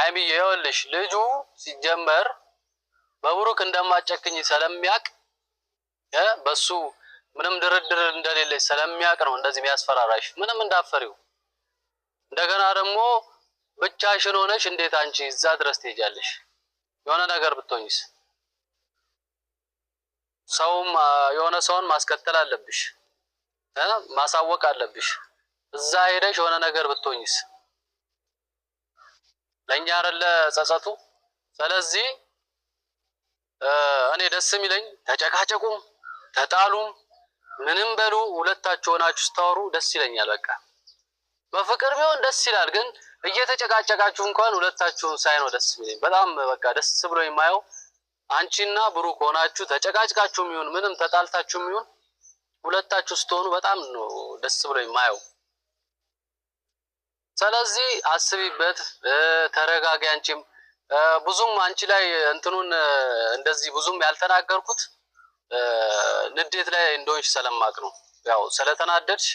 አይሚ ይኸውልሽ ልጁ ሲጀመር በብሩክ እንደማጨክኝ ስለሚያቅ በሱ ምንም ድርድር እንደሌለች ስለሚያቅ ነው እንደዚህ የሚያስፈራራሽ። ምንም እንዳፈሪው እንደገና ደግሞ ብቻሽን ሆነሽ እንዴት አንቺ እዛ ድረስ ትሄጃለሽ? የሆነ ነገር ብትሆኝስ? ሰውም የሆነ ሰውን ማስከተል አለብሽ፣ ማሳወቅ አለብሽ። እዛ ሄደሽ የሆነ ነገር ብትሆኝስ? ለእኛ አይደለ ጸጸቱ። ስለዚህ እኔ ደስ የሚለኝ ተጨቃጨቁም ተጣሉም ምንም በሉ ሁለታችሁ ሆናችሁ ስታወሩ ደስ ይለኛል። በቃ በፍቅር ቢሆን ደስ ይላል፣ ግን እየተጨቃጨቃችሁ እንኳን ሁለታችሁን ሳይ ነው ደስ የሚለኝ። በጣም በቃ ደስ ብሎ የማየው አንቺና ብሩክ ሆናችሁ ተጨቃጭቃችሁ የሚሆን ምንም ተጣልታችሁ የሚሆን ሁለታችሁ ስትሆኑ በጣም ነው ደስ ብሎ የማየው። ስለዚህ አስቢበት፣ ተረጋጊ። አንቺም ብዙም አንቺ ላይ እንትኑን እንደዚህ ብዙም ያልተናገርኩት ንዴት ላይ እንደሆንሽ ስለማቅ ነው። ያው ስለተናደድሽ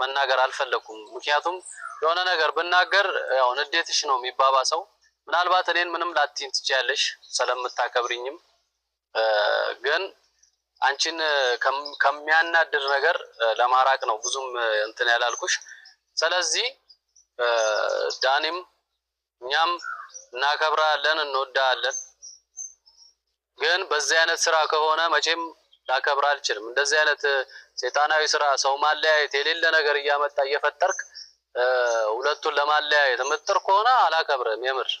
መናገር አልፈለግኩም። ምክንያቱም የሆነ ነገር ብናገር ያው ንዴትሽ ነው የሚባባሰው። ምናልባት እኔን ምንም ላቲን ትችያለሽ ስለምታከብሪኝም አንቺን ከሚያናድር ነገር ለማራቅ ነው ብዙም እንትን ያላልኩሽ። ስለዚህ ዳኒም እኛም እናከብራለን፣ እንወዳለን። ግን በዚህ አይነት ስራ ከሆነ መቼም ላከብር አልችልም። እንደዚህ አይነት ሴጣናዊ ስራ፣ ሰው ማለያየት የሌለ ነገር እያመጣ እየፈጠርክ ሁለቱን ለማለያየት የምጥር ከሆነ አላከብርም የምር